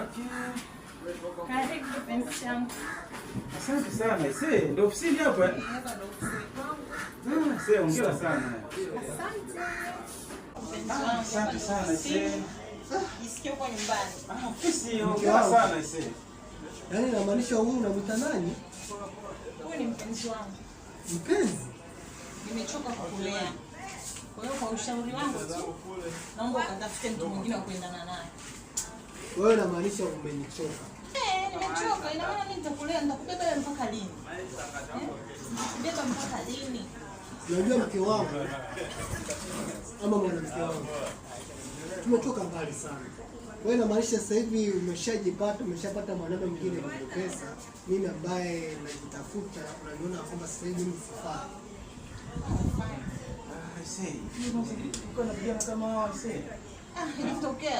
Asante sana. Ise, ndio ofisini hapa. Eh? Ah, ongea sana. Ah, asante sana ise. Jisikie kwa nyumbani. ofisi ongea sana ise. Yaani namaanisha huyu unamuita nani? Huyu ni mpenzi wangu. Mpenzi? Nimechoka kukulea. Kwa hiyo kwa ushauri wangu tu, naomba ukatafute mtu mwingine wa kuendana naye. Wewe unamaanisha umenichoka? Eh, nimechoka. Ina maana mimi nitakulea, nitakubeba mpaka lini? Eh? Beba mpaka lini? Unajua mke wangu ama mwanamke wangu, tumetoka mbali sana. Wewe unamaanisha sasa hivi umeshajipata, umeshapata mwanaume mwingine mwenye pesa, mimi ambaye najitafuta, unaniona kwamba sasa hivi mimi sifaa Ah,